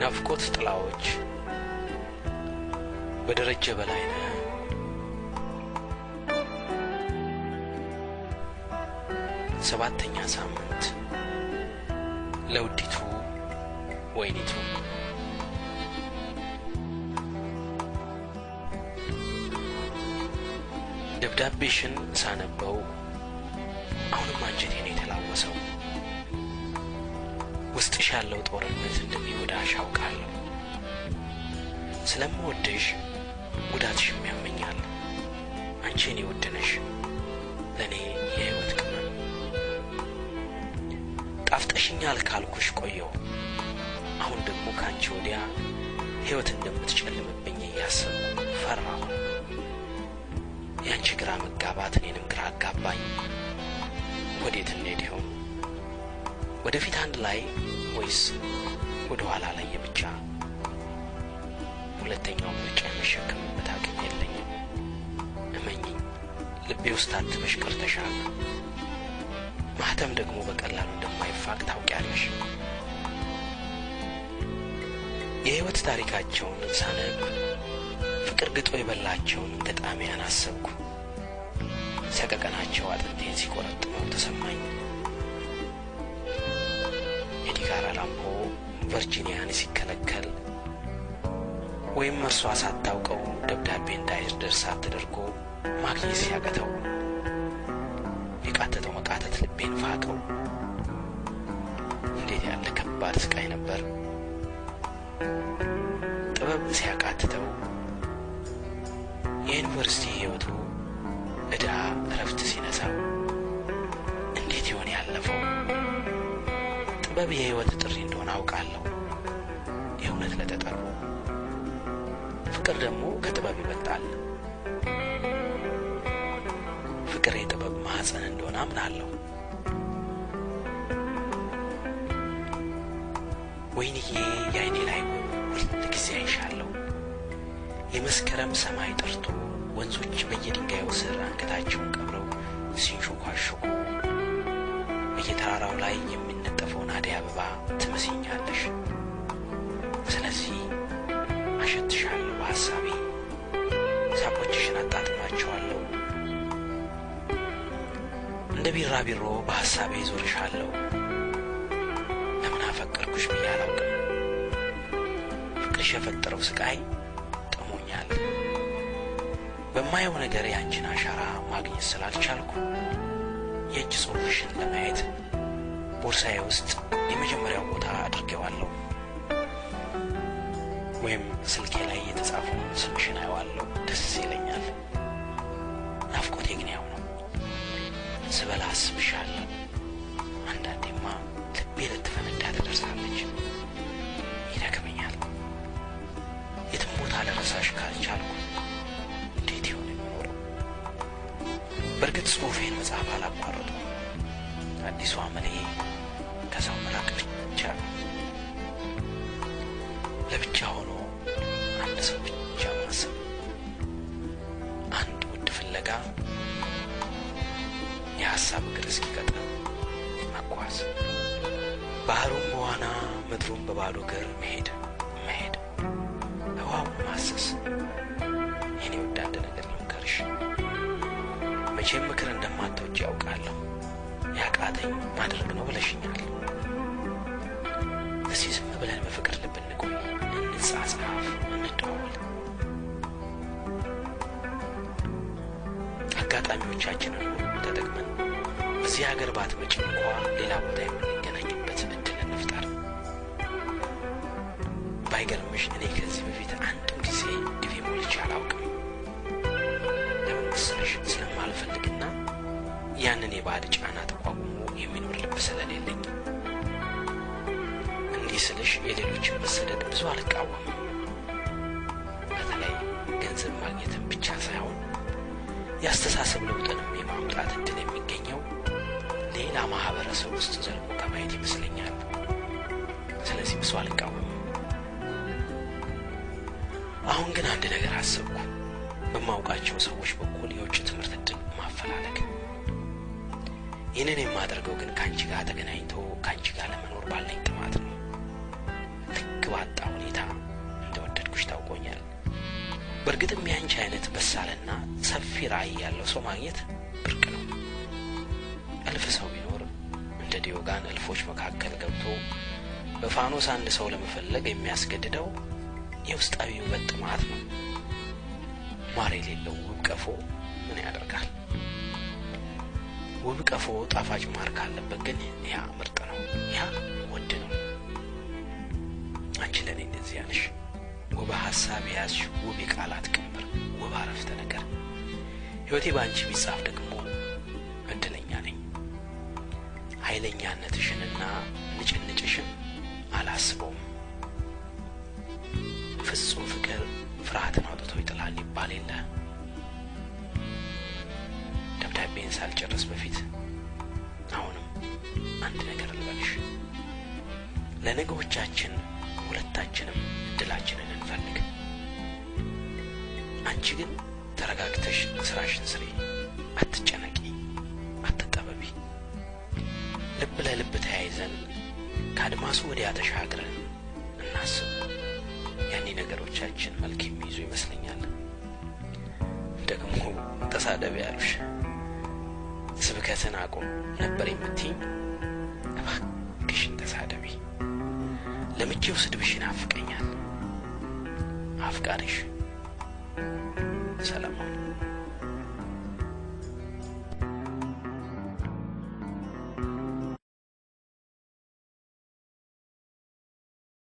የናፍቆት ጥላዎች በደረጀ ነ ሰባተኛ ሳምንት ለውዲቱ ወይኒቱ ደብዳቤሽን ሳነበው አሁንም አንጀቴን የተላወሰው ያለው ጦርነት እንደሚጎዳሽ አውቃለሁ። ስለምወድሽ ጉዳትሽ የሚያመኛል። አንቺን እኔ ለእኔ የህይወት ቅመም። ጣፍጠሽኛል ካልኩሽ ቆየው። አሁን ደግሞ ከአንቺ ወዲያ ሕይወት እንደምትጨልምብኝ እያሰብኩ ፈራሁ። የአንቺ ግራ መጋባት እኔንም ግራ አጋባኝ። ወዴት እንሄድ ይሆን? ወደፊት አንድ ላይ ወይስ ወደ ኋላ ላይ ብቻ? ሁለተኛው ምርጫ የመሸከምበት አቅም የለኝም። እመኝኝ፣ ልቤ ውስጥ አትበሽ ቀርተሻል። ማህተም ደግሞ በቀላሉ እንደማይፋቅ ታውቂያለሽ። የህይወት ታሪካቸውን ሳነብ ፍቅር ግጦ የበላቸውን ገጣሚያን አሰብኩ። ሰቀቀናቸው አጥንቴን ሲቆረጥመው ተሰማኝ። ጋር አላምቦ ቨርጂኒያን ሲከለከል ወይም እርሷ ሳታውቀው ደብዳቤ እንዳይደርሳት ተደርጎ ማግኘት ሲያቀተው የቃተተው መቃተት ልቤን ፋቀው። እንዴት ያለ ከባድ ስቃይ ነበር! ጥበብ ሲያቃትተው የዩኒቨርሲቲ ሕይወቱ ዕዳ እረፍት ሲነሳው መጥበብ የህይወት ጥሪ እንደሆነ አውቃለሁ። የእውነት ለተጠሩ ፍቅር ደግሞ ከጥበብ ይበልጣል። ፍቅር የጥበብ ማፀን እንደሆነ አምናለሁ። ወይንዬ የአይኔ ላይ ሁል ጊዜ አይሻለሁ። የመስከረም ሰማይ ጠርቶ ወንዞች በየድንጋዩ ስር አንገታቸውን ቀብረው ሲንሾኳሾኩ በየተራራው ላይ የምን አደይ አበባ ትመስኛለሽ። ስለዚህ አሸትሻለሁ በሀሳቤ ሳቆችሽን አጣጥማቸዋለሁ። እንደ ቢራቢሮ በሀሳቤ ይዞርሻለሁ። ለምን አፈቀርኩሽ ብዬ አላውቅም። ፍቅርሽ የፈጠረው ስቃይ ጥሞኛል። በማየው ነገር ያንቺን አሻራ ማግኘት ስላልቻልኩ የእጅ ጽሑፍሽን ለማየት ቦርሳዬ ውስጥ የመጀመሪያው ቦታ አድርጌዋለሁ። ወይም ስልኬ ላይ የተጻፈውን ስምሽን አየዋለሁ፣ ደስ ይለኛል። ናፍቆቴ ግን ያው ነው። ስበላ አስብሻለሁ። አንዳንዴማ ልቤ ልትፈነዳ ትደርሳለች። ይደክመኛል። የትም ቦታ ለረሳሽ ካልቻልኩ እንዴት ይሆን የሚኖረው? በእርግጥ ጽሁፌን መጽሐፍ አላቋረጡ አዲሱ አመሌ ሰው መላክ ብቻ ነው። ለብቻ ሆኖ አንድ ሰው ብቻ ማሰብ፣ አንድ ውድ ፍለጋ የሀሳብ እግር እስኪቀጥም መጓዝ፣ ባህሩን በዋና ምድሩን በባዶ እግር መሄድ መሄድ፣ ህዋውን ማሰስ የኔ ወዳንድ ነገር ልምከርሽ፣ መቼም ምክር እንደማትወጪ ያውቃለሁ። ያቃተኝ ማድረግ ነው ብለሽኛል። አጋጣሚዎቻችንን ተጠቅመን እዚህ ሀገር ባትመጪ እንኳ ሌላ ቦታ የምንገናኝበት እድል እንፍጠር። ባይገርምሽ እኔ ከዚህ በፊት አንድም ጊዜ ድፌ ሞልቼ አላውቅም። ለምን መሰለሽ? ስለማልፈልግና ያንን የባህል ጫና ተቋቁሞ የሚኖር ልብ ስለሌለኝ። እንዲህ ስልሽ የሌሎችን መሰደድ ብዙ አልቃወምም። በተለይ ገንዘብ ማግኘትን ብቻ ሳይሆን የአስተሳሰብ ለውጥንም የማምጣት እድል የሚገኘው ሌላ ማህበረሰብ ውስጥ ዘልሞ ከማየት ይመስለኛል። ስለዚህ ብዙ አልቃወም። አሁን ግን አንድ ነገር አሰብኩ። በማውቃቸው ሰዎች በኩል የውጭ ትምህርት እድል ማፈላለግ። ይህንን የማደርገው ግን ከአንቺ ጋር ተገናኝቶ ከአንቺ ጋር ለመኖር ባለኝ ጥማት ነው። ልክ ባጣ ሁኔታ እንደወደድኩሽ ታውቆኛል። በእርግጥም ያንቺ አይነት በሳልና ሰፊ ራዕይ ያለው ሰው ማግኘት ብርቅ ነው። እልፍ ሰው ቢኖር እንደ ዲዮጋን እልፎች መካከል ገብቶ በፋኖስ አንድ ሰው ለመፈለግ የሚያስገድደው የውስጣዊ ውበት ጥማት ነው። ማር የሌለው ውብ ቀፎ ምን ያደርጋል? ውብ ቀፎ ጣፋጭ ማር ካለበት ግን ያ ምርጥ ነው። ያ ሀሳብ የያዝሽ ውብ የቃላት ቅንብር፣ ውብ አረፍተ ነገር ሕይወቴ በአንቺ ቢጻፍ ደግሞ እድለኛ ነኝ። ኃይለኛነትሽንና ንጭንጭሽን አላስበውም። ፍጹም ፍቅር ፍርሃትን አውጥቶ ይጥላል ይባል የለ። ደብዳቤን ሳልጨርስ በፊት አሁንም አንድ ነገር ልበልሽ። ለነገዎቻችን ሁለታችንም እድላችንን እንፈልግ። አንቺ ግን ተረጋግተሽ ስራሽን ስሪ። አትጨነቂ፣ አትጠበቢ። ልብ ለልብ ተያይዘን ከአድማሱ ወዲያ ተሻግረን እናስብ። ያኔ ነገሮቻችን መልክ የሚይዙ ይመስለኛል። ደግሞ ተሳደቢ ያሉሽ ስብከትን አቁም ነበር የምትይኝ። እባክሽን ተሳደቢ። ለምጄው ስድብሽን አፍቀኛል። አፍቃሪሽ Shalom.